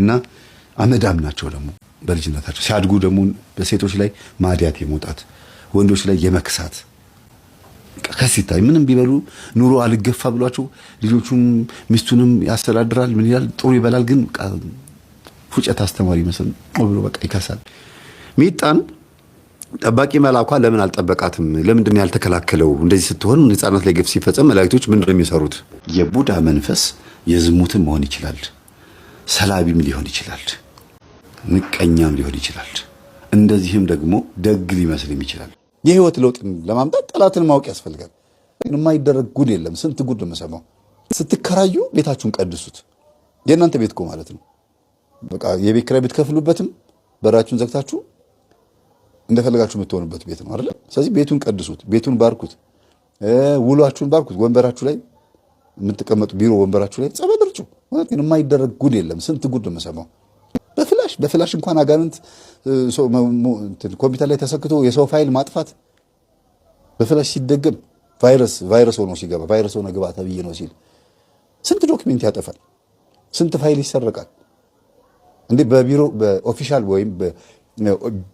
እና አመዳም ናቸው ደግሞ በልጅነታቸው ሲያድጉ ደግሞ በሴቶች ላይ ማዲያት የመውጣት ወንዶች ላይ የመክሳት ከሲታይ ምንም ቢበሉ ኑሮ አልገፋ ብሏቸው ልጆቹም ሚስቱንም ያስተዳድራል። ምን ይላል ጥሩ ይበላል፣ ግን ፉጨት አስተማሪ መስል ብሎ በቃ ይከሳል። ሚጣን ጠባቂ መላኳ ለምን አልጠበቃትም? ለምንድን ያልተከላከለው? እንደዚህ ስትሆን ሕፃናት ላይ ግፍ ሲፈጸም መላእክቶች ምንድን የሚሰሩት? የቡዳ መንፈስ የዝሙትን መሆን ይችላል። ሰላቢም ሊሆን ይችላል፣ ምቀኛም ሊሆን ይችላል። እንደዚህም ደግሞ ደግ ሊመስልም ይችላል። የህይወት ለውጥን ለማምጣት ጠላትን ማወቅ ያስፈልጋል። የማይደረግ ጉድ የለም። ስንት ጉድ የምሰማው። ስትከራዩ ቤታችሁን ቀድሱት። የእናንተ ቤት እኮ ማለት ነው። በቃ የቤት ኪራይ ብትከፍሉበትም በራችሁን ዘግታችሁ እንደፈለጋችሁ የምትሆኑበት ቤት ነው አይደለም። ስለዚህ ቤቱን ቀድሱት፣ ቤቱን ባርኩት፣ ውሏችሁን ባርኩት፣ ወንበራችሁ ላይ የምትቀመጡ ቢሮ ወንበራችሁ ላይ ጸበል እርጩ። ግን የማይደረግ ጉድ የለም። ስንት ጉድ ነው የምሰማው። በፍላሽ በፍላሽ እንኳን አጋንንት ኮምፒውተር ላይ ተሰክቶ የሰው ፋይል ማጥፋት በፍላሽ ሲደገም ቫይረስ ቫይረስ ሆኖ ሲገባ ቫይረስ ሆነ ግባ ተብዬ ነው ሲል ስንት ዶክሜንት ያጠፋል፣ ስንት ፋይል ይሰረቃል። እንዴ በቢሮ በኦፊሻል ወይም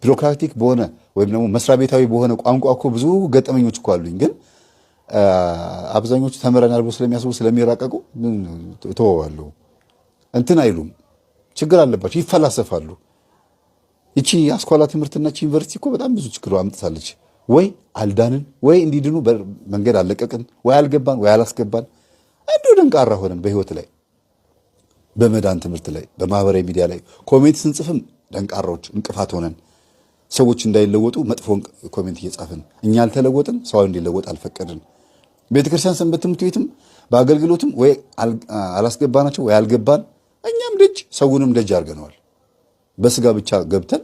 ቢሮክራቲክ በሆነ ወይም ደግሞ መስሪያ ቤታዊ በሆነ ቋንቋ እኮ ብዙ ገጠመኞች እኮ አሉኝ ግን አብዛኞቹ ተምረናል ብሎ ስለሚያስቡ ስለሚራቀቁ ተወዋሉ። እንትን አይሉም፣ ችግር አለባቸው፣ ይፈላሰፋሉ። እቺ አስኳላ ትምህርትና እቺ ዩኒቨርሲቲ እኮ በጣም ብዙ ችግር አምጥታለች። ወይ አልዳንን፣ ወይ እንዲድኑ መንገድ አለቀቅን፣ ወይ አልገባን፣ ወይ አላስገባን። እንዲሁ ደንቃራ ሆነን በህይወት ላይ በመዳን ትምህርት ላይ በማህበራዊ ሚዲያ ላይ ኮሜንት ስንጽፍም ደንቃራዎች እንቅፋት ሆነን ሰዎች እንዳይለወጡ መጥፎ ኮሜንት እየጻፍን እኛ አልተለወጥን፣ ሰው እንዲለወጥ አልፈቀድን። ቤተክርስቲያን ሰንበት ትምህርት ቤትም በአገልግሎትም ወይ አላስገባናቸው ወይ አልገባን። እኛም ደጅ ሰውንም ደጅ አድርገነዋል። በስጋ ብቻ ገብተን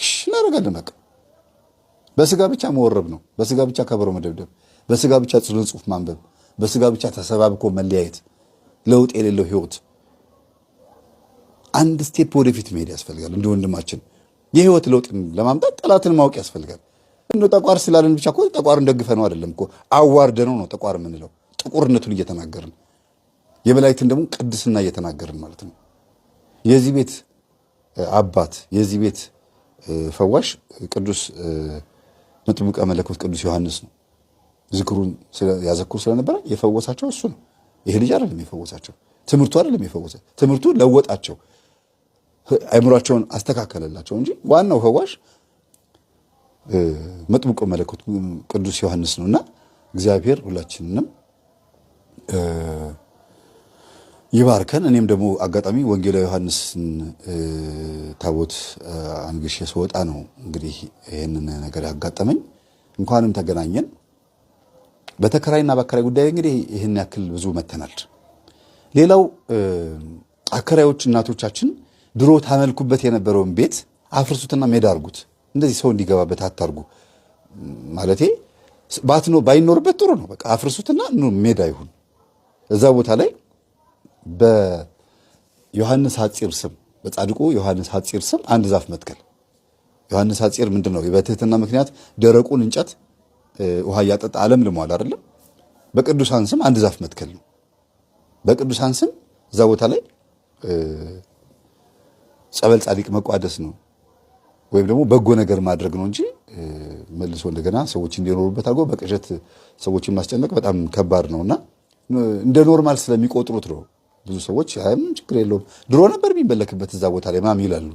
ክሽ እናደርጋለን። በቃ በስጋ ብቻ መወረብ ነው። በስጋ ብቻ ከበሮ መደብደብ፣ በስጋ ብቻ ጽኑ ጽሑፍ ማንበብ፣ በስጋ ብቻ ተሰባብኮ መለያየት፣ ለውጥ የሌለው ህይወት። አንድ ስቴፕ ወደፊት መሄድ ያስፈልጋል። እንደ ወንድማችን የህይወት ለውጥ ለማምጣት ጠላትን ማወቅ ያስፈልጋል። ነው ጠቋር ስላለን ብቻ እኮ ጠቋርን እንደግፈ ነው አይደለም እኮ አዋርደነው ነው ጠቋር የምንለው። ጥቁርነቱን እየተናገርን የበላይትን ደግሞ ቅድስና እየተናገርን ማለት ነው። የዚህ ቤት አባት የዚህ ቤት ፈዋሽ ቅዱስ መጥምቀ መለኮት ቅዱስ ዮሐንስ ነው። ዝክሩን ያዘክሩ ስለነበረ የፈወሳቸው እሱ ነው። ይሄ ልጅ አይደለም የፈወሳቸው፣ ትምህርቱ አይደለም የፈወሰ፣ ትምህርቱ ለወጣቸው፣ አይምሯቸውን አስተካከለላቸው እንጂ ዋናው ፈዋሽ መጥምቆ መለኮት ቅዱስ ዮሐንስ ነውና እግዚአብሔር ሁላችንንም ይባርከን። እኔም ደግሞ አጋጣሚ ወንጌላዊ ዮሐንስን ታቦት አንግሼ ስወጣ ነው እንግዲህ ይህንን ነገር ያጋጠመኝ። እንኳንም ተገናኘን። በተከራይና በአከራይ ጉዳይ እንግዲህ ይህን ያክል ብዙ መተናል። ሌላው አከራዮች እናቶቻችን ድሮ ታመልኩበት የነበረውን ቤት አፍርሱትና ሜዳ አርጉት። እንደዚህ ሰው እንዲገባበት አታርጉ። ማለቴ ባትኖ ባይኖርበት ጥሩ ነው። በቃ አፍርሱትና ሜዳ ይሁን። እዛ ቦታ ላይ በዮሐንስ ሐፂር ስም በጻድቁ ዮሐንስ ሐፂር ስም አንድ ዛፍ መትከል። ዮሐንስ ሐፂር ምንድን ነው? በትህትና ምክንያት ደረቁን እንጨት ውሃ እያጠጣ ዓለም ልሟል አይደለም። በቅዱሳን ስም አንድ ዛፍ መትከል ነው። በቅዱሳን ስም እዛ ቦታ ላይ ጸበል ጻድቅ መቋደስ ነው። ወይም ደግሞ በጎ ነገር ማድረግ ነው እንጂ መልሶ እንደገና ሰዎች እንዲኖሩበት አድርጎ በቅዠት ሰዎችን ማስጨነቅ በጣም ከባድ ነው እና እንደ ኖርማል ስለሚቆጥሩት ነው ብዙ ሰዎች ችግር የለውም ድሮ ነበር የሚመለክበት እዛ ቦታ ላይ ምናምን ይላሉ።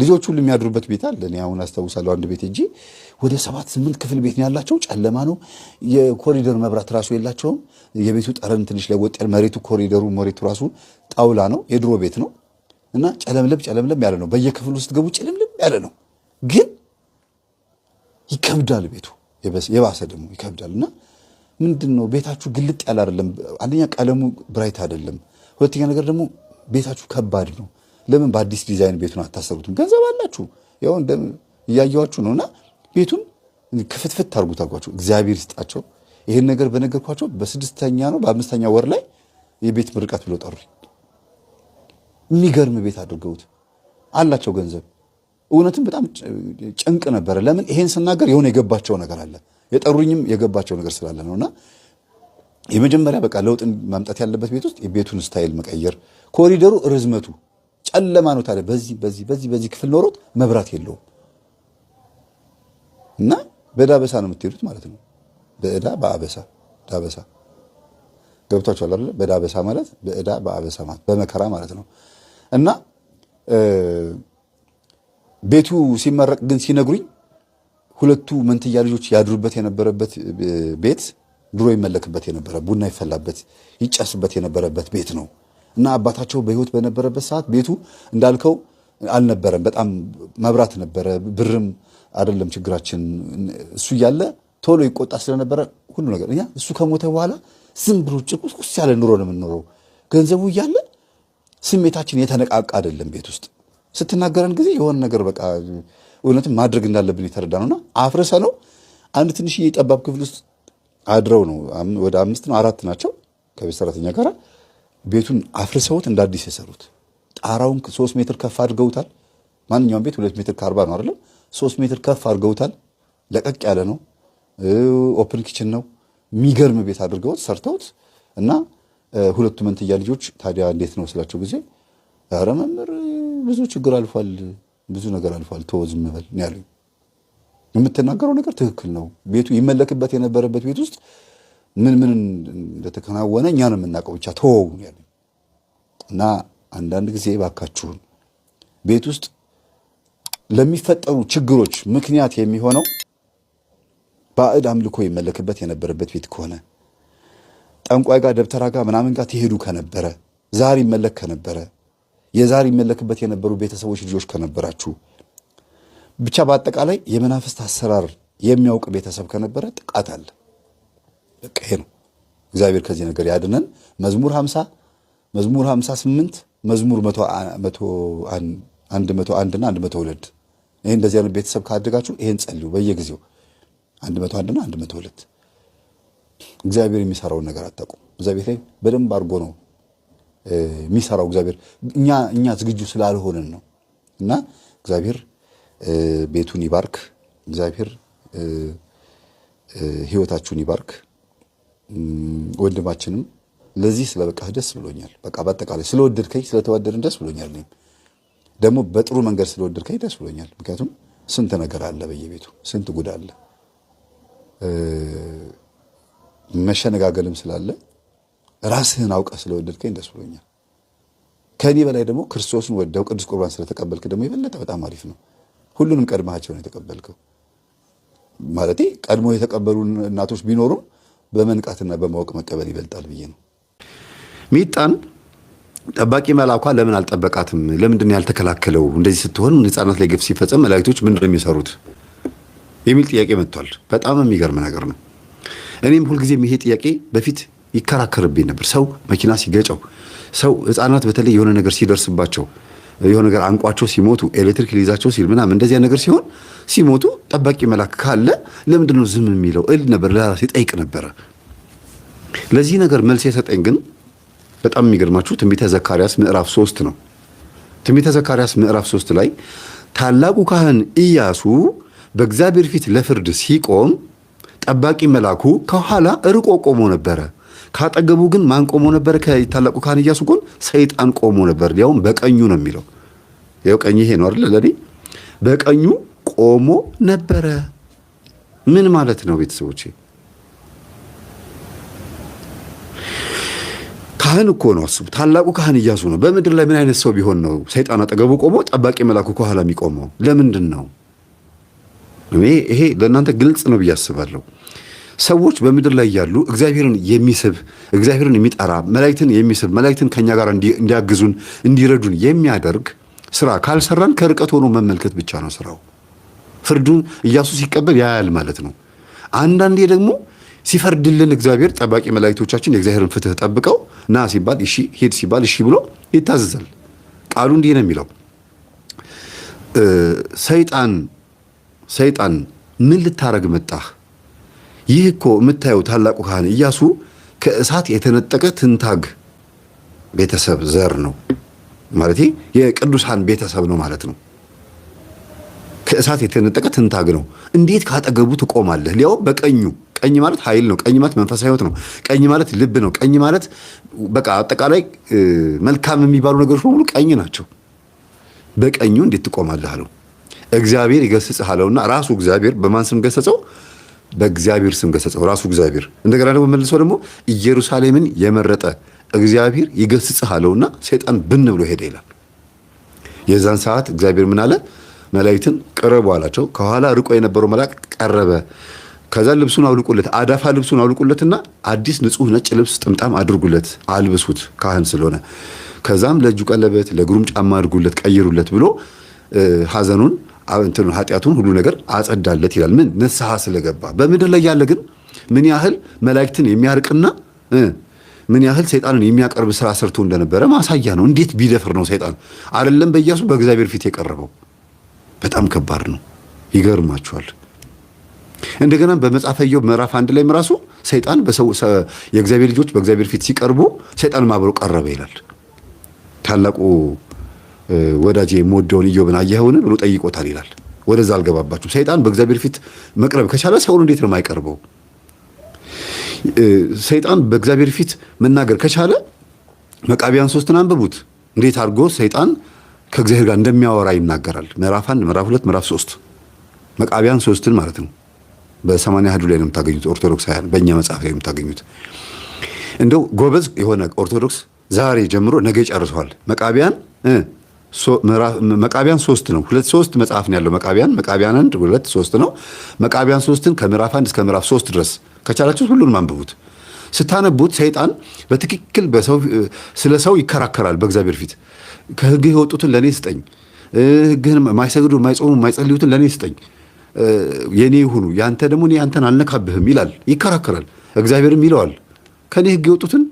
ልጆቹ ሁሉ የሚያድሩበት ቤት አለ። እኔ አሁን አስታውሳለሁ አንድ ቤት እንጂ ወደ ሰባት ስምንት ክፍል ቤት ያላቸው። ጨለማ ነው። የኮሪደር መብራት ራሱ የላቸውም። የቤቱ ጠረን ትንሽ ለወጥ መሬቱ ኮሪደሩ መሬቱ ራሱ ጣውላ ነው። የድሮ ቤት ነው። እና ጨለምለም ጨለምለም ያለ ነው። በየክፍሉ ስትገቡ ጨለምለም ያለ ነው፣ ግን ይከብዳል። ቤቱ የባሰ ደግሞ ይከብዳል። እና ምንድን ነው ቤታችሁ ግልጥ ያለ አይደለም። አንደኛ ቀለሙ ብራይት አይደለም። ሁለተኛ ነገር ደግሞ ቤታችሁ ከባድ ነው። ለምን በአዲስ ዲዛይን ቤቱን አታሰሩትም? ገንዘብ አላችሁ፣ ያው እያየዋችሁ ነው። እና ቤቱን ክፍትፍት አድርጉ ታርጓቸው፣ እግዚአብሔር ይስጣቸው። ይህን ነገር በነገርኳቸው በስድስተኛ ነው በአምስተኛ ወር ላይ የቤት ምርቃት ብሎ ጠሩኝ። የሚገርም ቤት አድርገውት አላቸው ገንዘብ። እውነትም በጣም ጭንቅ ነበረ። ለምን ይሄን ስናገር የሆነ የገባቸው ነገር አለ። የጠሩኝም የገባቸው ነገር ስላለ እና የመጀመሪያ በቃ ለውጥ ማምጣት ያለበት ቤት ውስጥ የቤቱን ስታይል መቀየር፣ ኮሪደሩ ርዝመቱ ጨለማ ነው። ታዲያ በዚህ በዚህ በዚህ በዚህ ክፍል ኖሮት መብራት የለውም እና በዳበሳ ነው የምትሄዱት ማለት ነው። በዕዳ በአበሳ ዳበሳ ገብቷችኋል አይደል? በዳበሳ ማለት በዕዳ በአበሳ ማለት በመከራ ማለት ነው። እና ቤቱ ሲመረቅ ግን ሲነግሩኝ ሁለቱ መንትያ ልጆች ያድሩበት የነበረበት ቤት ድሮ ይመለክበት የነበረ ቡና ይፈላበት ይጨስበት የነበረበት ቤት ነው እና አባታቸው በሕይወት በነበረበት ሰዓት ቤቱ እንዳልከው አልነበረም። በጣም መብራት ነበረ፣ ብርም አይደለም ችግራችን። እሱ እያለ ቶሎ ይቆጣ ስለነበረ ሁሉ ነገር እኛ እሱ ከሞተ በኋላ ዝም ብሎ ጭቁስቁስ ያለ ኑሮ ነው የምንኖረው ገንዘቡ እያለ ስሜታችን የተነቃቃ አይደለም። ቤት ውስጥ ስትናገረን ጊዜ የሆነ ነገር በቃ እውነትም ማድረግ እንዳለብን የተረዳ ነውና አፍርሰ ነው አንድ ትንሽ የጠባብ ክፍል ውስጥ አድረው ነው ወደ አምስት ነው አራት ናቸው ከቤት ሰራተኛ ጋር ቤቱን አፍርሰውት እንደ አዲስ የሰሩት። ጣራውን ሶስት ሜትር ከፍ አድርገውታል። ማንኛውም ቤት ሁለት ሜትር ከአርባ ነው አይደለም? ሶስት ሜትር ከፍ አድርገውታል። ለቀቅ ያለ ነው። ኦፕን ኪችን ነው። የሚገርም ቤት አድርገውት ሰርተውት እና ሁለቱ መንትያ ልጆች ታዲያ እንዴት ነው ስላቸው ጊዜ ኧረ መምህር ብዙ ችግር አልፏል፣ ብዙ ነገር አልፏል፣ ተወው ዝም በል ነው ያሉኝ። የምትናገረው ነገር ትክክል ነው። ቤቱ ይመለክበት የነበረበት ቤት ውስጥ ምን ምን እንደተከናወነ እኛ ነው የምናውቀው፣ ብቻ ተወው ነው ያሉኝ። እና አንዳንድ ጊዜ ባካችሁን ቤት ውስጥ ለሚፈጠሩ ችግሮች ምክንያት የሚሆነው ባዕድ አምልኮ ይመለክበት የነበረበት ቤት ከሆነ ጠንቋይ ጋር ደብተራ ጋር ምናምን ጋር ትሄዱ ከነበረ ዛር ይመለክ ከነበረ የዛር ይመለክበት የነበሩ ቤተሰቦች ልጆች ከነበራችሁ ብቻ በአጠቃላይ የመናፍስት አሰራር የሚያውቅ ቤተሰብ ከነበረ ጥቃት አለ። በቃ ይሄ ነው። እግዚአብሔር ከዚህ ነገር ያድነን። መዝሙር 50 መዝሙር 58 መዝሙር 101 እና 102 ይህ እንደዚህ አይነት ቤተሰብ ካደጋችሁ ይህን ጸልዩ በየጊዜው 101 እና 102 እግዚአብሔር የሚሰራውን ነገር አታውቁም። እዛ ቤት ላይ በደንብ አድርጎ ነው የሚሰራው እግዚአብሔር። እኛ እኛ ዝግጁ ስላልሆንን ነው። እና እግዚአብሔር ቤቱን ይባርክ። እግዚአብሔር ህይወታችሁን ይባርክ። ወንድማችንም ለዚህ ስለበቃህ ደስ ብሎኛል። በቃ በአጠቃላይ ስለወደድከኝ ስለተዋደድን ደስ ብሎኛል። እኔም ደግሞ በጥሩ መንገድ ስለወደድከኝ ደስ ብሎኛል። ምክንያቱም ስንት ነገር አለ በየቤቱ ስንት ጉድ አለ። መሸነጋገልም ስላለ ራስህን አውቀ ስለወደድከኝ ደስ ብሎኛል። ከእኔ በላይ ደግሞ ክርስቶስን ወደው ቅዱስ ቁርባን ስለተቀበልክ ደግሞ የበለጠ በጣም አሪፍ ነው። ሁሉንም ቀድመሃቸው ነው የተቀበልከው። ማለት ቀድሞ የተቀበሉ እናቶች ቢኖሩም በመንቃትና በማወቅ መቀበል ይበልጣል ብዬ ነው። ሚጣን ጠባቂ መላኳ ለምን አልጠበቃትም? ለምንድን ያልተከላከለው? እንደዚህ ስትሆን ሕፃናት ላይ ግፍ ሲፈጸም መላእክቶች ምንድን የሚሰሩት የሚል ጥያቄ መጥቷል። በጣም የሚገርም ነገር ነው። እኔም ሁልጊዜ ይሄ ጥያቄ በፊት ይከራከርብኝ ነበር። ሰው መኪና ሲገጨው፣ ሰው ህፃናት በተለይ የሆነ ነገር ሲደርስባቸው፣ የሆነ ነገር አንቋቸው ሲሞቱ፣ ኤሌክትሪክ ሊይዛቸው ሲል ምናምን እንደዚያ ነገር ሲሆን ሲሞቱ ጠባቂ መላክ ካለ ለምንድን ነው ዝም የሚለው እል ነበር፣ ለራሴ ጠይቅ ነበረ። ለዚህ ነገር መልስ የሰጠኝ ግን በጣም የሚገርማችሁ ትንቢተ ዘካርያስ ምዕራፍ ሶስት ነው። ትንቢተ ዘካርያስ ምዕራፍ ሶስት ላይ ታላቁ ካህን ኢያሱ በእግዚአብሔር ፊት ለፍርድ ሲቆም ጠባቂ መልአኩ ከኋላ ርቆ ቆሞ ነበረ። ካጠገቡ ግን ማን ቆሞ ነበረ? ከታላቁ ካህን ኢያሱ ጎን ሰይጣን ቆሞ ነበር። ሊያውም በቀኙ ነው የሚለው። ያው ቀኝ ይሄ ነው አይደል? ለኔ በቀኙ ቆሞ ነበረ። ምን ማለት ነው ቤተሰቦቼ? ካህን እኮ ነው። አስቡ፣ ታላቁ ካህን ኢያሱ ነው። በምድር ላይ ምን አይነት ሰው ቢሆን ነው ሰይጣን አጠገቡ ቆሞ ጠባቂ መልአኩ ከኋላ የሚቆመው? ለምንድን ነው? እኔ ይሄ ለእናንተ ግልጽ ነው ብዬ አስባለሁ። ሰዎች በምድር ላይ ያሉ እግዚአብሔርን የሚስብ እግዚአብሔርን የሚጠራ መላእክትን የሚስብ መላእክትን ከኛ ጋር እንዲያግዙን እንዲረዱን የሚያደርግ ስራ ካልሰራን ከርቀት ሆኖ መመልከት ብቻ ነው ስራው። ፍርዱን እያሱ ሲቀበል ያያል ማለት ነው። አንዳንዴ ደግሞ ሲፈርድልን እግዚአብሔር ጠባቂ መላእክቶቻችን የእግዚአብሔርን ፍትህ ጠብቀው ና ሲባል እሺ፣ ሂድ ሲባል እሺ ብሎ ይታዘዛል። ቃሉ እንዲህ ነው የሚለው ሰይጣን ሰይጣን ምን ልታረግ መጣህ? ይህ እኮ የምታየው ታላቁ ካህን ኢያሱ ከእሳት የተነጠቀ ትንታግ ቤተሰብ ዘር ነው ማለት የቅዱሳን ቤተሰብ ነው ማለት ነው። ከእሳት የተነጠቀ ትንታግ ነው። እንዴት ካጠገቡ ትቆማለህ? ሊያው በቀኙ። ቀኝ ማለት ኃይል ነው። ቀኝ ማለት መንፈሳዊ ሕይወት ነው። ቀኝ ማለት ልብ ነው። ቀኝ ማለት በቃ አጠቃላይ መልካም የሚባሉ ነገሮች በሙሉ ቀኝ ናቸው። በቀኙ እንዴት ትቆማለህ አለው። እግዚአብሔር ይገስጽህ አለውና ራሱ እግዚአብሔር በማን ስም ገሰጸው? በእግዚአብሔር ስም ገሰጸው ራሱ እግዚአብሔር። እንደገና ደግሞ መልሶ ደግሞ ኢየሩሳሌምን የመረጠ እግዚአብሔር ይገስጽህ አለውና ሰይጣን ብን ብሎ ሄደ ይላል። የዛን ሰዓት እግዚአብሔር ምን አለ? መላእክትን ቅረቡ አላቸው። ከኋላ ርቆ የነበረው መልአክ ቀረበ። ከዛ ልብሱን አውልቁለት፣ አዳፋ ልብሱን አውልቁለትና አዲስ ንጹህ ነጭ ልብስ ጥምጣም አድርጉለት፣ አልብሱት ካህን ስለሆነ። ከዛም ለእጁ ቀለበት፣ ለእግሩም ጫማ አድርጉለት፣ ቀይሩለት ብሎ ሐዘኑን እንትኑ ኃጢአቱን ሁሉ ነገር አጸዳለት ይላል። ምን ንስሐ ስለገባ። በምድር ላይ ያለ ግን ምን ያህል መላእክትን የሚያርቅና ምን ያህል ሰይጣንን የሚያቀርብ ስራ ሰርቶ እንደነበረ ማሳያ ነው። እንዴት ቢደፍር ነው ሰይጣን አይደለም በኢያሱ በእግዚአብሔር ፊት የቀረበው። በጣም ከባድ ነው። ይገርማችኋል። እንደገና በመጽሐፈ ኢዮብ ምዕራፍ አንድ ላይም ራሱ ሰይጣን በሰው የእግዚአብሔር ልጆች በእግዚአብሔር ፊት ሲቀርቡ ሰይጣን ማብሮ ቀረበ ይላል ታላቁ ወዳጄ የምወደውን ኢዮብን አየኸውን ብሎ ጠይቆታል ይላል። ወደዛ አልገባባችሁ። ሰይጣን በእግዚአብሔር ፊት መቅረብ ከቻለ ሰውን እንዴት ነው የማይቀርበው? ሰይጣን በእግዚአብሔር ፊት መናገር ከቻለ መቃቢያን ሶስትን አንብቡት። እንዴት አድርጎ ሰይጣን ከእግዚአብሔር ጋር እንደሚያወራ ይናገራል። ምዕራፍ አንድ ምዕራፍ ሁለት ምዕራፍ ሶስት መቃቢያን ሶስትን ማለት ነው። በሰማንያ አሐዱ ላይ ነው የምታገኙት። ኦርቶዶክሳውያን በእኛ መጽሐፍ ላይ የምታገኙት። እንደው ጎበዝ የሆነ ኦርቶዶክስ ዛሬ ጀምሮ ነገ ይጨርሰዋል። መቃቢያን መቃቢያን ሶስት ነው። ሁለት ሶስት መጽሐፍ ነው ያለው። መቃቢያን መቃቢያን አንድ ሁለት ሶስት ነው። መቃቢያን ሶስትን ከምዕራፍ አንድ እስከ ምዕራፍ ሶስት ድረስ ከቻላችሁት ሁሉንም አንብቡት። ስታነቡት ሰይጣን በትክክል ስለ ሰው ይከራከራል በእግዚአብሔር ፊት። ከህግህ የወጡትን ለእኔ ስጠኝ፣ ህግህን ማይሰግዱ ማይጾሙ ማይጸልዩትን ለእኔ ስጠኝ፣ የእኔ ይሁኑ፣ ያንተ ደግሞ እኔ አንተን አልነካብህም ይላል፣ ይከራከራል። እግዚአብሔርም ይለዋል ከእኔ ህግ የወጡትን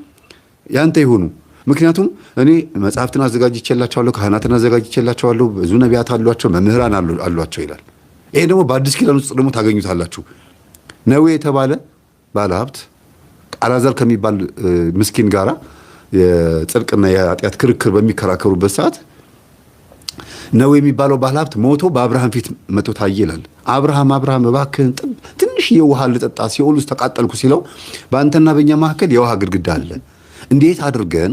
ያንተ ይሁኑ ምክንያቱም እኔ መጽሐፍትን አዘጋጅቼላቸዋለሁ፣ ካህናትን አዘጋጅቼላቸዋለሁ፣ ብዙ ነቢያት አሏቸው፣ መምህራን አሏቸው ይላል። ይሄ ደግሞ በአዲስ ኪዳን ውስጥ ደግሞ ታገኙታላችሁ። ነዌ የተባለ ባለሀብት አላዛር ከሚባል ምስኪን ጋር የጽድቅና የኃጢአት ክርክር በሚከራከሩበት ሰዓት ነዌ የሚባለው ባለሀብት ሞቶ በአብርሃም ፊት መቶ ታየ ይላል። አብርሃም አብርሃም እባክህን ትንሽ ውሃ ልጠጣ ሲኦል ውስጥ ተቃጠልኩ ሲለው በአንተና በእኛ መካከል የውሃ ግድግዳ አለ እንዴት አድርገን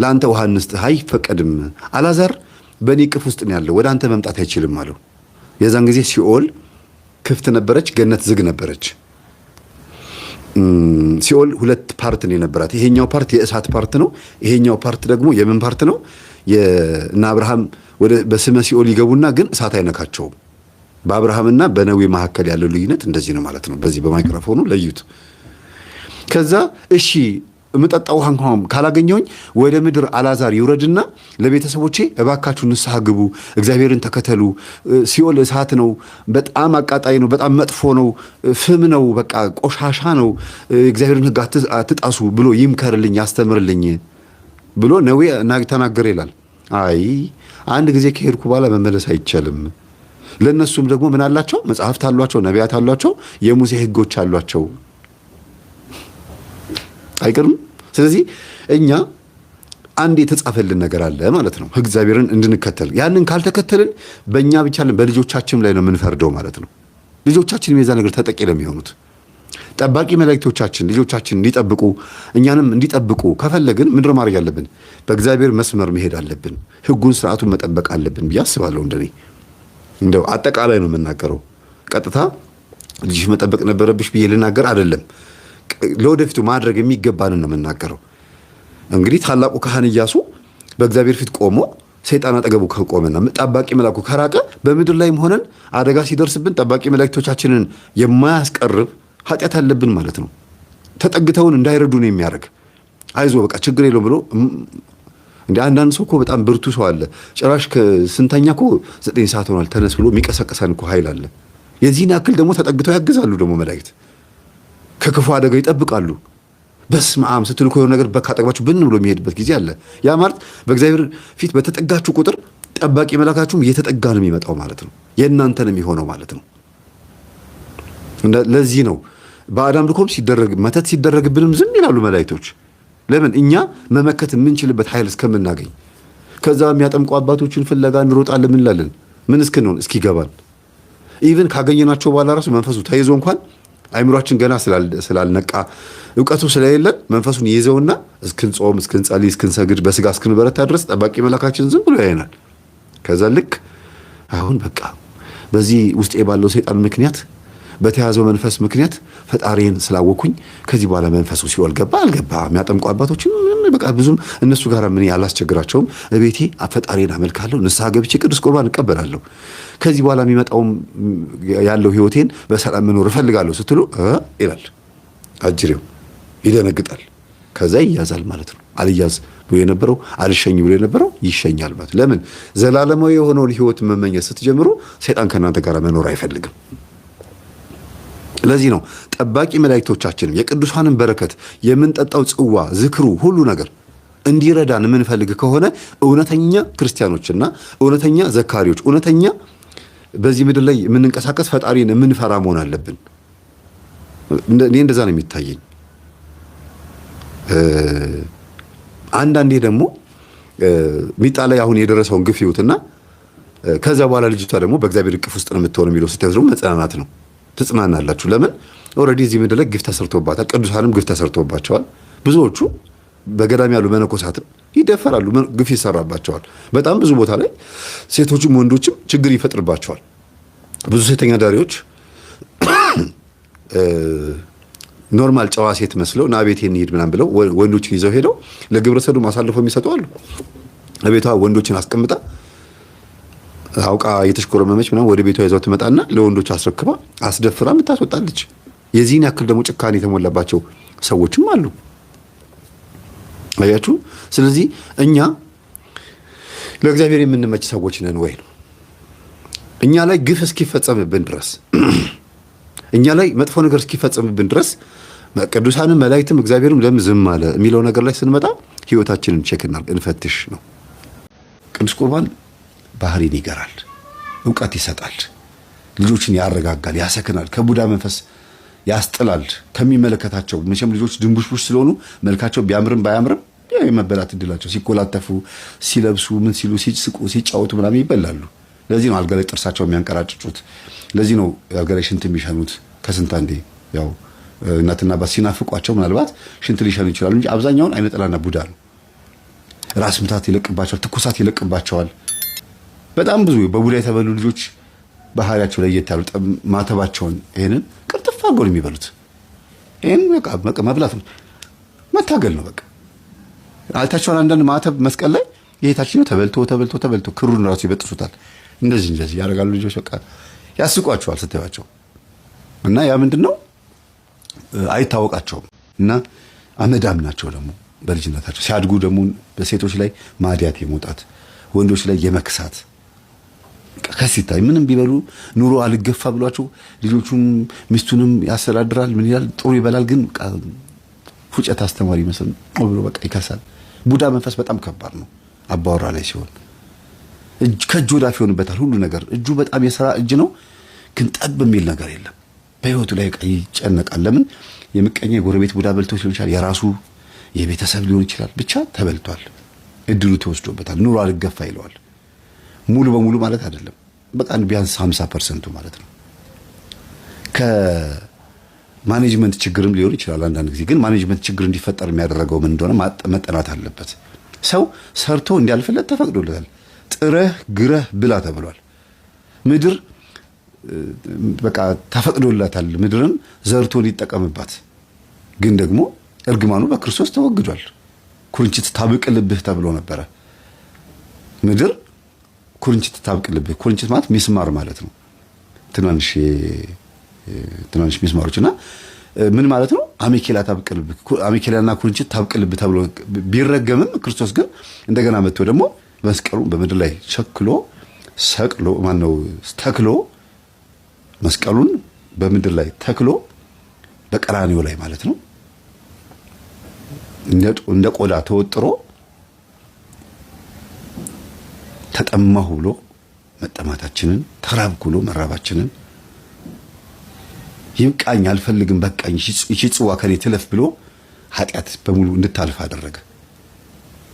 ለአንተ ውሃ እንስጥህ፣ አይፈቀድም። አላዛር በእኔ ቅፍ ውስጥ ነው ያለው፣ ወደ አንተ መምጣት አይችልም አለው። የዛን ጊዜ ሲኦል ክፍት ነበረች፣ ገነት ዝግ ነበረች። ሲኦል ሁለት ፓርት ነው የነበራት። ይሄኛው ፓርት የእሳት ፓርት ነው። ይሄኛው ፓርት ደግሞ የምን ፓርት ነው? እና አብርሃም በስመ ሲኦል ይገቡና ግን እሳት አይነካቸውም። በአብርሃምና በነዌ መካከል ያለው ልዩነት እንደዚህ ነው ማለት ነው። በዚህ በማይክሮፎኑ ለዩት። ከዛ እሺ የምጠጣ ውሃ እንኳን ካላገኘውኝ ወደ ምድር አላዛር ይውረድና ለቤተሰቦቼ እባካችሁ ንስሐ ግቡ፣ እግዚአብሔርን ተከተሉ፣ ሲኦል እሳት ነው፣ በጣም አቃጣይ ነው፣ በጣም መጥፎ ነው፣ ፍም ነው፣ በቃ ቆሻሻ ነው፣ እግዚአብሔርን ሕግ አትጣሱ ብሎ ይምከርልኝ፣ ያስተምርልኝ ብሎ ነዌ ተናገረ ይላል። አይ አንድ ጊዜ ከሄድኩ በኋላ መመለስ አይቻልም። ለእነሱም ደግሞ ምን አላቸው? መጽሐፍት አሏቸው፣ ነቢያት አሏቸው፣ የሙሴ ሕጎች አሏቸው። አይቀርም። ስለዚህ እኛ አንድ የተጻፈልን ነገር አለ ማለት ነው፣ እግዚአብሔርን እንድንከተል። ያንን ካልተከተልን በእኛ ብቻ በልጆቻችንም ላይ ነው የምንፈርደው ማለት ነው። ልጆቻችን የዛ ነገር ተጠቂ ለሚሆኑት ጠባቂ መላእክቶቻችን ልጆቻችን እንዲጠብቁ እኛንም እንዲጠብቁ ከፈለግን ምንድን ማድረግ ያለብን? በእግዚአብሔር መስመር መሄድ አለብን። ህጉን ስርዓቱን መጠበቅ አለብን ብዬ አስባለሁ። እንደኔ እንደው አጠቃላይ ነው የምናገረው። ቀጥታ ልጅሽ መጠበቅ ነበረብሽ ብዬ ልናገር አይደለም። ለወደፊቱ ማድረግ የሚገባንን ነው የምናገረው። እንግዲህ ታላቁ ካህን እያሱ በእግዚአብሔር ፊት ቆሞ ሰይጣን አጠገቡ ከቆመና ጠባቂ መላኩ ከራቀ በምድር ላይም ሆነን አደጋ ሲደርስብን ጠባቂ መላእክቶቻችንን የማያስቀርብ ኃጢአት አለብን ማለት ነው። ተጠግተውን ነው የሚያደርግ አይዞ በቃ ችግር የለው ብሎ እንደ አንዳንድ ሰው እኮ በጣም ብርቱ ሰው አለ። ጭራሽ ስንተኛ እኮ ዘጠኝ ሰዓት ሆኗል ተነስ ብሎ የሚቀሰቀሰን እኮ ኃይል አለ። የዚህን ያክል ደግሞ ተጠግተው ያግዛሉ ደግሞ መላእክት ከክፉ አደጋ ይጠብቃሉ። በስመ አብ ስትሉ የሆነ ነገር በካ ብን ብሎ የሚሄድበት ጊዜ አለ። ያ ማለት በእግዚአብሔር ፊት በተጠጋችሁ ቁጥር ጠባቂ መላካችሁም እየተጠጋ ነው የሚመጣው ማለት ነው። ነው የሆነው ማለት ነው። ለዚህ ነው በአዳም ልኮም ሲደረግ መተት ሲደረግብንም ዝም ይላሉ መላእክቶች። ለምን እኛ መመከት የምንችልበት ኃይል እስከምናገኝ ከዛ የሚያጠምቁ አባቶችን ፍለጋ እንሮጣለን። ምንላለን ምን እስክንሆን እስኪገባን ኢቨን ካገኘናቸው በኋላ ራሱ መንፈሱ ተይዞ እንኳን አይምሯችን ገና ስላልነቃ እውቀቱ ስለሌለን መንፈሱን ይዘውና እስክንጾም እስክንጸልይ እስክንሰግድ በስጋ እስክንበረታ ድረስ ጠባቂ መላካችን ዝም ብሎ ያይናል። ከዛ ልክ አሁን በቃ በዚህ ውስጤ ባለው ሰይጣን ምክንያት በተያዘው መንፈስ ምክንያት ፈጣሪን ስላወኩኝ ከዚህ በኋላ መንፈሱ ሲኦል ገባ አልገባ የሚያጠምቁ አባቶች በቃ ብዙም እነሱ ጋር ምን ያላስቸግራቸውም። እቤቴ ፈጣሪን አመልካለሁ፣ ንስሐ ገብቼ ቅዱስ ቁርባን እቀበላለሁ። ከዚህ በኋላ የሚመጣውም ያለው ህይወቴን በሰላም መኖር እፈልጋለሁ ስትሉ ይላል አጅሬው፣ ይደነግጣል። ከዛ ይያዛል ማለት ነው። አልያዝ ብሎ የነበረው አልሸኝ ብሎ የነበረው ይሸኛል ማለት ለምን? ዘላለማዊ የሆነውን ህይወት መመኘት ስትጀምሩ ሰይጣን ከእናንተ ጋር መኖር አይፈልግም። ለዚህ ነው ጠባቂ መላእክቶቻችንም የቅዱሳንን በረከት የምንጠጣው ጽዋ፣ ዝክሩ፣ ሁሉ ነገር እንዲረዳን የምንፈልግ ከሆነ እውነተኛ ክርስቲያኖችና እውነተኛ ዘካሪዎች፣ እውነተኛ በዚህ ምድር ላይ የምንንቀሳቀስ ፈጣሪን የምንፈራ መሆን አለብን። እኔ እንደዛ ነው የሚታየኝ። አንዳንዴ ደግሞ ሚጣ ላይ አሁን የደረሰውን ግፍ ይዩትና ከዛ በኋላ ልጅቷ ደግሞ በእግዚአብሔር እቅፍ ውስጥ ነው የምትሆን የሚለው ስታዩት መጽናናት ነው። ትጽናናላችሁ። ለምን ኦልሬዲ እዚህ ምድር ላይ ግፍ ተሰርቶባታል። ቅዱሳንም ግፍ ተሰርቶባቸዋል። ብዙዎቹ በገዳም ያሉ መነኮሳትም ይደፈራሉ፣ ግፍ ይሰራባቸዋል። በጣም ብዙ ቦታ ላይ ሴቶችም ወንዶችም ችግር ይፈጥርባቸዋል። ብዙ ሴተኛ ዳሪዎች ኖርማል ጨዋ ሴት መስለው ና ቤቴ እንሂድ ምናም ብለው ወንዶችን ይዘው ሄደው ለግብረሰዱ ሰዶም የሚሰጡ አሉ። ለቤቷ ወንዶችን አስቀምጣ አውቃ የተሽኮረመመች ምናምን ወደ ቤቷ ይዛው ትመጣና ለወንዶች አስረክባ አስደፍራ ምታስወጣለች። የዚህን ያክል ደግሞ ጭካኔ የተሞላባቸው ሰዎችም አሉ። አያችሁ። ስለዚህ እኛ ለእግዚአብሔር የምንመች ሰዎች ነን ወይ ነው? እኛ ላይ ግፍ እስኪፈጸምብን ድረስ እኛ ላይ መጥፎ ነገር እስኪፈጸምብን ድረስ ቅዱሳንም መላእክትም እግዚአብሔርም ለምን ዝም አለ የሚለው ነገር ላይ ስንመጣ ህይወታችንን ቼክ እንፈትሽ ነው። ቅዱስ ቁርባን ባህሪን ይገራል፣ እውቀት ይሰጣል፣ ልጆችን ያረጋጋል፣ ያሰክናል፣ ከቡዳ መንፈስ ያስጥላል። ከሚመለከታቸው መቼም ልጆች ድንቡሽቡሽ ስለሆኑ መልካቸው ቢያምርም ባያምርም የመበላት እድላቸው ሲኮላተፉ፣ ሲለብሱ፣ ምን ሲሉ፣ ሲስቁ፣ ሲጫወቱ ምናምን ይበላሉ። ለዚህ ነው አልጋ ላይ ጥርሳቸው የሚያንቀራጭጩት። ለዚህ ነው አልጋ ላይ ሽንት የሚሸኑት ከስንት አንዴ። ያው እናትና አባት ሲናፍቋቸው ምናልባት ሽንት ሊሸኑ ይችላሉ እንጂ አብዛኛውን አይነጠላና ቡዳ ነው። ራስ ምታት ይለቅባቸዋል፣ ትኩሳት ይለቅባቸዋል። በጣም ብዙ በቡዳ የተበሉ ልጆች ባህሪያቸው ላይ ያሉ ማተባቸውን ይሄንን ቅርጥፍ አድርገው ነው የሚበሉት። ይሄን በቃ መብላት መታገል ነው። በቃ አይታችኋል። አንዳንድ ማተብ መስቀል ላይ የታችኛው ተበልቶ ተበልቶ ተበልቶ ክሩን ራሱ ይበጥሱታል። እንደዚህ እንደዚህ ያደርጋሉ ልጆች። በቃ ያስቋቸዋል ስትባቸው እና ያ ምንድን ነው አይታወቃቸውም። እና አመዳም ናቸው ደግሞ በልጅነታቸው ሲያድጉ ደግሞ በሴቶች ላይ ማዲያት የመውጣት ወንዶች ላይ የመክሳት ከሲታይ ምንም ቢበሉ ኑሮ አልገፋ ብሏቸው ልጆቹም ሚስቱንም ያስተዳድራል። ምን ይላል ጥሩ ይበላል፣ ግን ፉጨት አስተማሪ ይመስል ብሎ በቃ ይከሳል። ቡዳ መንፈስ በጣም ከባድ ነው አባወራ ላይ ሲሆን ከእጅ ወዳፍ ይሆንበታል ሁሉ ነገር። እጁ በጣም የስራ እጅ ነው፣ ግን ጠብ የሚል ነገር የለም። በህይወቱ ላይ ይጨነቃል። ለምን የምቀኛ የጎረቤት ቡዳ በልቶ ሊሆን ይችላል፣ የራሱ የቤተሰብ ሊሆን ይችላል። ብቻ ተበልቷል፣ እድሉ ተወስዶበታል፣ ኑሮ አልገፋ ይለዋል። ሙሉ በሙሉ ማለት አይደለም፣ በቃ ቢያንስ 50 ፐርሰንቱ ማለት ነው። ከማኔጅመንት ችግርም ሊሆን ይችላል። አንዳንድ ጊዜ ግን ማኔጅመንት ችግር እንዲፈጠር የሚያደረገው ምን እንደሆነ መጠናት አለበት። ሰው ሰርቶ እንዲያልፍለት ተፈቅዶለታል። ጥረህ ግረህ ብላ ተብሏል። ምድር በቃ ተፈቅዶላታል። ምድርን ዘርቶ እንዲጠቀምባት ግን ደግሞ እርግማኑ በክርስቶስ ተወግዷል። ኩርንችት ታብቅልብህ ተብሎ ነበረ። ምድር ኩርንችት ታብቅልብህ። ኩርንችት ማለት ሚስማር ማለት ነው። ትናንሽ ትናንሽ ሚስማሮች እና ምን ማለት ነው? አሜኬላ ታብቅልብህ፣ አሜኬላና ኩርንችት ታብቅልብህ ተብሎ ቢረገምም ክርስቶስ ግን እንደገና መጥቶ ደግሞ መስቀሉን በምድር ላይ ቸክሎ ሰቅሎ ማነው ተክሎ መስቀሉን በምድር ላይ ተክሎ በቀራኒው ላይ ማለት ነው እንደ ቆዳ ተወጥሮ ተጠማሁ ብሎ መጠማታችንን፣ ተራብኩ ብሎ መራባችንን፣ ይብቃኝ አልፈልግም፣ በቃኝ፣ ይቺ ጽዋ ከኔ ትለፍ ብሎ ኃጢአት በሙሉ እንድታልፍ አደረገ።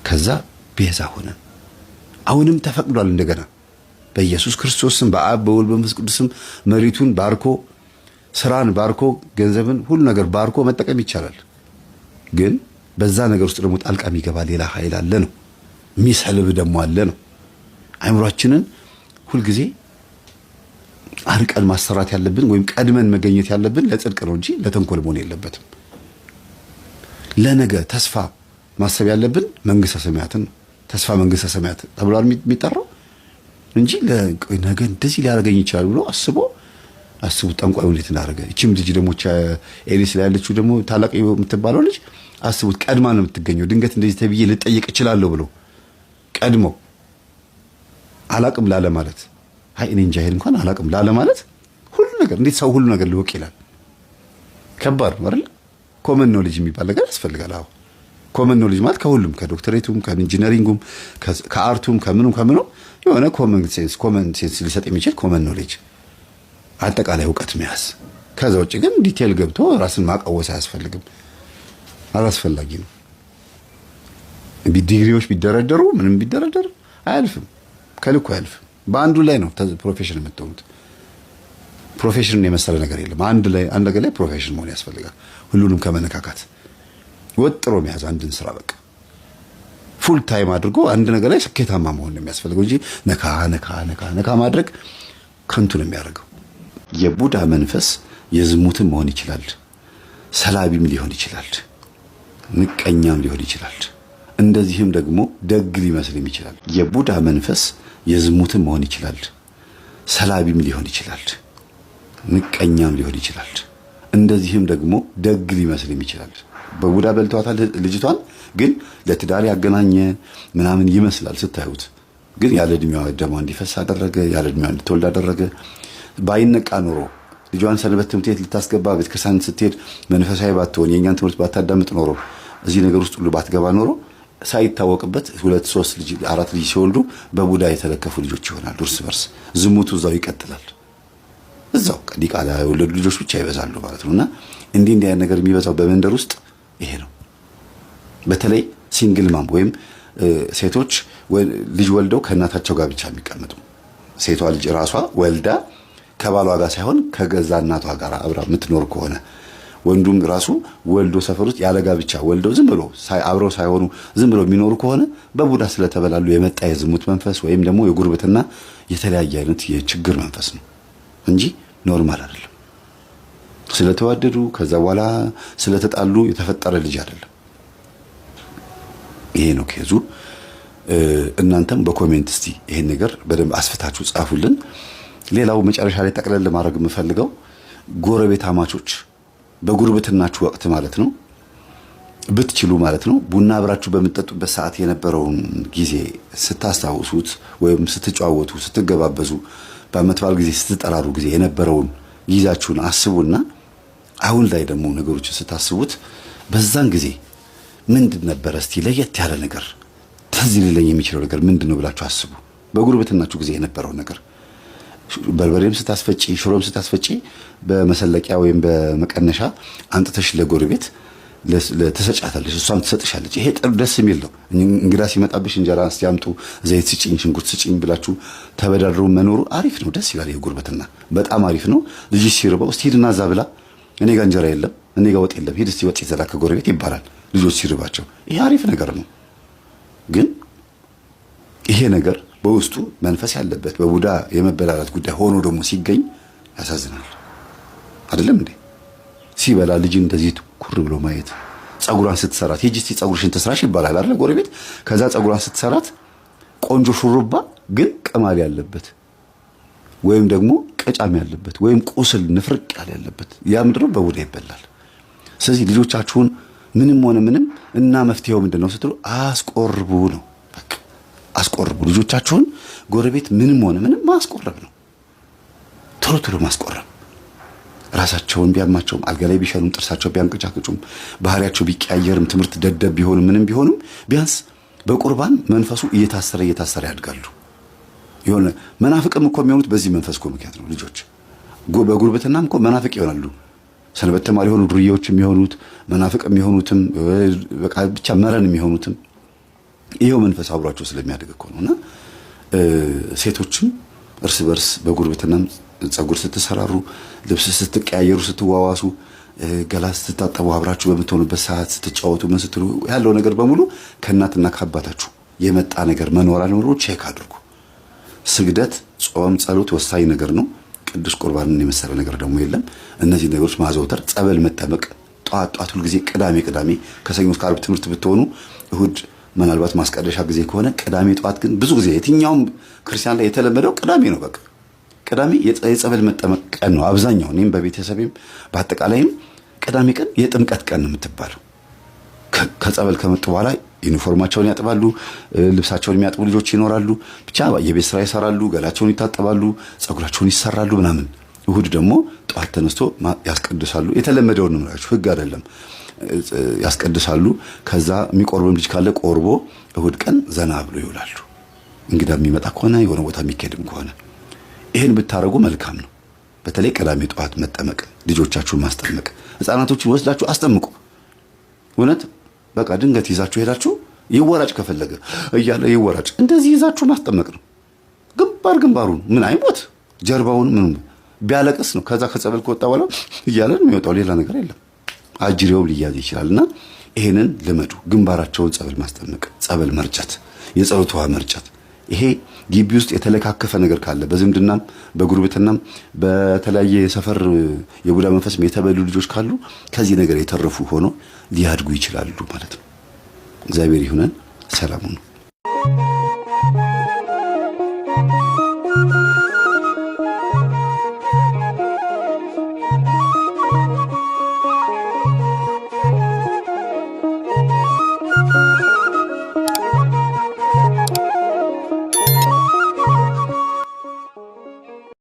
ከዛ ቤዛ ሆነ። አሁንም ተፈቅዷል እንደገና በኢየሱስ ክርስቶስም በአብ በወልድ በመንፈስ ቅዱስም መሬቱን ባርኮ ስራን ባርኮ ገንዘብን ሁሉ ነገር ባርኮ መጠቀም ይቻላል። ግን በዛ ነገር ውስጥ ደግሞ ጣልቃ የሚገባ ሌላ ኃይል አለ ነው። የሚሰልብ ደግሞ አለ ነው። አይምሯችንን ሁልጊዜ አርቀን ማሰራት ያለብን ወይም ቀድመን መገኘት ያለብን ለጽድቅ ነው እንጂ ለተንኮል መሆን የለበትም። ለነገ ተስፋ ማሰብ ያለብን መንግስተ ሰማያትን ተስፋ መንግስተ ሰማያት ተብሏል የሚጠራው እንጂ ነገ እንደዚህ ሊያደርገኝ ይችላል ብሎ አስቦ አስቡ ጠንቋይ ሁኔት እንዳደረገ። ይችም ልጅ ደግሞ ኤሊስ ላይ ያለችው ደግሞ ታላቅ የምትባለው ልጅ አስቡት ቀድማ ነው የምትገኘው። ድንገት እንደዚህ ተብዬ ልጠየቅ እችላለሁ ብሎ ቀድመው አላቅም ላለ ማለት አይ እኔ እንጃ ይሄን እንኳን አላቅም ላለ ማለት ሁሉ ነገር እንዴት ሰው ሁሉ ነገር ሊወቅ ይላል? ከባድ ነው አይደል? ኮመን ኖሌጅ የሚባል ነገር ያስፈልጋል። አዎ ኮመን ኖሌጅ ማለት ከሁሉም ከዶክተሬቱም፣ ከኢንጂነሪንጉም፣ ከአርቱም፣ ከምኑም ከምኑ የሆነ ኮመን ሴንስ ኮመን ሴንስ ሊሰጥ የሚችል ኮመን ኖሌጅ አጠቃላይ እውቀት መያዝ። ከዛ ውጭ ግን ዲቴል ገብቶ ራስን ማቃወስ አያስፈልግም፣ አላስፈላጊ ነው። ዲግሪዎች ቢደረደሩ ምንም ቢደረደር አያልፍም። ከልኩ ያልፍ። በአንዱ ላይ ነው ፕሮፌሽን የምትሆኑት። ፕሮፌሽንን የመሰለ ነገር የለም። አንድ ላይ አንድ ነገር ላይ ፕሮፌሽን መሆን ያስፈልጋል። ሁሉንም ከመነካካት ወጥሮ መያዝ አንድን ስራ በቃ ፉል ታይም አድርጎ አንድ ነገር ላይ ስኬታማ መሆን ነው የሚያስፈልገው እንጂ ነካ ነካ ነካ ነካ ማድረግ ከንቱ ነው የሚያደርገው። የቡዳ መንፈስ የዝሙትም መሆን ይችላል፣ ሰላቢም ሊሆን ይችላል፣ ምቀኛም ሊሆን ይችላል። እንደዚህም ደግሞ ደግ ሊመስልም ይችላል። የቡዳ መንፈስ የዝሙትም መሆን ይችላል፣ ሰላቢም ሊሆን ይችላል፣ ምቀኛም ሊሆን ይችላል። እንደዚህም ደግሞ ደግ ሊመስልም ይችላል። በቡዳ በልተዋታል ልጅቷን፣ ግን ለትዳር ያገናኘ ምናምን ይመስላል ስታዩት። ግን ያለ ዕድሜዋ ደሟ እንዲፈስ አደረገ፣ ያለ ዕድሜዋ እንድትወልድ አደረገ። ባይነቃ ኖሮ ልጇን ሰንበት ትምህርት ቤት ልታስገባ ቤተክርስቲያን ስትሄድ መንፈሳዊ ባትሆን የእኛን ትምህርት ባታዳምጥ ኖሮ እዚህ ነገር ውስጥ ሁሉ ባትገባ ኖሮ ሳይታወቅበት ሁለት ሶስት ልጅ አራት ልጅ ሲወልዱ በቡዳ የተለከፉ ልጆች ይሆናሉ። እርስ በርስ ዝሙቱ እዛው ይቀጥላል። እዛው ዲቃላ የወለዱ ልጆች ብቻ ይበዛሉ ማለት ነው። እና እንዲህ እንዲህ አይነት ነገር የሚበዛው በመንደር ውስጥ ይሄ ነው። በተለይ ሲንግል ማም ወይም ሴቶች ልጅ ወልደው ከእናታቸው ጋር ብቻ የሚቀመጡ ሴቷ ልጅ ራሷ ወልዳ ከባሏ ጋር ሳይሆን ከገዛ እናቷ ጋር አብራ የምትኖር ከሆነ ወንዱም ራሱ ወልዶ ሰፈር ውስጥ ያለ ጋብቻ ወልደው ዝም ብሎ አብረው ሳይሆኑ ዝም ብሎ የሚኖሩ ከሆነ በቡዳ ስለተበላሉ የመጣ የዝሙት መንፈስ ወይም ደግሞ የጉርብትና የተለያየ አይነት የችግር መንፈስ ነው እንጂ ኖርማል አይደለም። ስለተዋደዱ ከዛ በኋላ ስለተጣሉ የተፈጠረ ልጅ አይደለም። ይሄ ነው ከዙ። እናንተም በኮሜንት እስቲ ይሄን ነገር በደንብ አስፍታችሁ ጻፉልን። ሌላው መጨረሻ ላይ ጠቅለል ማድረግ የምፈልገው ጎረቤት አማቾች። በጉርብትናችሁ ወቅት ማለት ነው ብትችሉ ማለት ነው ቡና አብራችሁ በምትጠጡበት ሰዓት የነበረውን ጊዜ ስታስታውሱት ወይም ስትጨዋወቱ፣ ስትገባበዙ፣ በአመት በዓል ጊዜ ስትጠራሩ ጊዜ የነበረውን ጊዜያችሁን አስቡና አሁን ላይ ደግሞ ነገሮችን ስታስቡት በዛን ጊዜ ምንድን ነበረ እስቲ ለየት ያለ ነገር ትዝ ሊለኝ የሚችለው ነገር ምንድን ነው ብላችሁ አስቡ። በጉርብትናችሁ ጊዜ የነበረው ነገር በርበሬም ስታስፈጪ ሽሮም ስታስፈጪ በመሰለቂያ ወይም በመቀነሻ አንጥተሽ ለጎረቤት ትሰጫታለች፣ እሷም ትሰጥሻለች። ይሄ ጥር ደስ የሚል ነው። እንግዳ ሲመጣብሽ እንጀራ ሲያምጡ ዘይት ስጭኝ፣ ሽንኩርት ስጭኝ ብላችሁ ተበዳድሮ መኖሩ አሪፍ ነው፣ ደስ ይላል። ይሄ ጉርበትና በጣም አሪፍ ነው። ልጅ ሲርበው እስቲ ሂድና እዛ ብላ፣ እኔ ጋ እንጀራ የለም፣ እኔ ጋ ወጥ የለም፣ ሂድ እስቲ ወጥ ይዘላ ከጎረቤት ይባላል፣ ልጆች ሲርባቸው። ይሄ አሪፍ ነገር ነው። ግን ይሄ ነገር በውስጡ መንፈስ ያለበት በቡዳ የመበላላት ጉዳይ ሆኖ ደግሞ ሲገኝ ያሳዝናል። አይደለም እንዴ? ሲበላ ልጅ እንደዚህ ትኩር ብሎ ማየት፣ ጸጉሯን ስትሰራት ሂጂ እስቲ ጸጉርሽን ትስራሽ ይባላል አይደለ? ጎረቤት ከዛ ጸጉሯን ስትሰራት ቆንጆ ሹሩባ ግን ቅማል ያለበት ወይም ደግሞ ቀጫም ያለበት ወይም ቁስል ንፍርቅ ያለ ያለበት ያ ምድሮ በቡዳ ይበላል። ስለዚህ ልጆቻችሁን ምንም ሆነ ምንም እና መፍትሄው ምንድን ነው ስትሉ አስቆርቡ ነው በቃ። አስቆርቡ። ልጆቻችሁን ጎረቤት ምንም ሆነ ምንም ማስቆረብ ነው። ቶሎ ቶሎ ማስቆረብ ራሳቸውን ቢያማቸውም አልጋ ላይ ቢሸኑም ጥርሳቸው ቢያንቀጫቅጩም ባህሪያቸው ቢቀያየርም ትምህርት ደደብ ቢሆንም ምንም ቢሆንም ቢያንስ በቁርባን መንፈሱ እየታሰረ እየታሰረ ያድጋሉ። የሆነ መናፍቅም እኮ የሚሆኑት በዚህ መንፈስ እኮ ምክንያት ነው። ልጆች በጉርብትናም እኮ መናፍቅ ይሆናሉ። ሰንበት ተማሪ የሆኑ ዱርዬዎች የሚሆኑት መናፍቅ የሚሆኑትም ብቻ መረን የሚሆኑትም ይኸው መንፈስ አብሯቸው ስለሚያደግ እኮ ነው። እና ሴቶችም እርስ በርስ በጉርብትናም ጸጉር ስትሰራሩ፣ ልብስ ስትቀያየሩ፣ ስትዋዋሱ፣ ገላ ስትታጠቡ፣ አብራችሁ በምትሆኑበት ሰዓት ስትጫወቱ፣ ምን ስትሉ ያለው ነገር በሙሉ ከእናትና ከአባታችሁ የመጣ ነገር መኖር አለመኖሩ ቼክ አድርጉ። ስግደት፣ ጾም፣ ጸሎት ወሳኝ ነገር ነው። ቅዱስ ቁርባንን የመሰለ ነገር ደግሞ የለም። እነዚህ ነገሮች ማዘውተር፣ ጸበል መጠመቅ፣ ጠዋት ጠዋት ሁልጊዜ ቅዳሜ ቅዳሜ ከሰኞ እስከ ዓርብ ትምህርት ብትሆኑ እሁድ ምናልባት ማስቀደሻ ጊዜ ከሆነ ቅዳሜ ጠዋት ግን ብዙ ጊዜ የትኛውም ክርስቲያን ላይ የተለመደው ቅዳሜ ነው። በቃ ቅዳሜ የጸበል መጠመቅ ቀን ነው። አብዛኛው እኔም በቤተሰቤም በአጠቃላይም ቅዳሜ ቀን የጥምቀት ቀን ነው የምትባለው። ከጸበል ከመጡ በኋላ ዩኒፎርማቸውን ያጥባሉ፣ ልብሳቸውን የሚያጥቡ ልጆች ይኖራሉ። ብቻ የቤት ስራ ይሰራሉ፣ ገላቸውን ይታጠባሉ፣ ጸጉራቸውን ይሰራሉ ምናምን። እሁድ ደግሞ ጠዋት ተነስቶ ያስቀድሳሉ። የተለመደውን ነው የምላችሁ፣ ህግ አይደለም። ያስቀድሳሉ። ከዛ የሚቆርብም ልጅ ካለ ቆርቦ እሁድ ቀን ዘና ብሎ ይውላሉ። እንግዳ የሚመጣ ከሆነ የሆነ ቦታ የሚካሄድም ከሆነ ይህን ብታደረጉ መልካም ነው። በተለይ ቅዳሜ ጠዋት መጠመቅ፣ ልጆቻችሁን ማስጠመቅ፣ ህፃናቶችን ወስዳችሁ አስጠምቁ። እውነት በቃ ድንገት ይዛችሁ ሄዳችሁ ይወራጭ ከፈለገ እያለ ይወራጭ እንደዚህ ይዛችሁ ማስጠመቅ ነው። ግንባር ግንባሩን ምን አይሞት ጀርባውን ምን ቢያለቅስ ነው። ከዛ ከጸበል ከወጣ በኋላ እያለን የሚወጣው ሌላ ነገር የለም። አጅሬው ሊያዝ ይችላል እና ይሄንን ልመዱ። ግንባራቸውን ጸበል ማስጠመቅ፣ ጸበል መርጨት፣ የጸሎት ውሃ መርጨት። ይሄ ግቢ ውስጥ የተለካከፈ ነገር ካለ በዝምድናም በጉርብትናም በተለያየ የሰፈር የቡዳ መንፈስም የተበሉ ልጆች ካሉ ከዚህ ነገር የተረፉ ሆኖ ሊያድጉ ይችላሉ ማለት ነው። እግዚአብሔር ይሁነን። ሰላሙ ነው።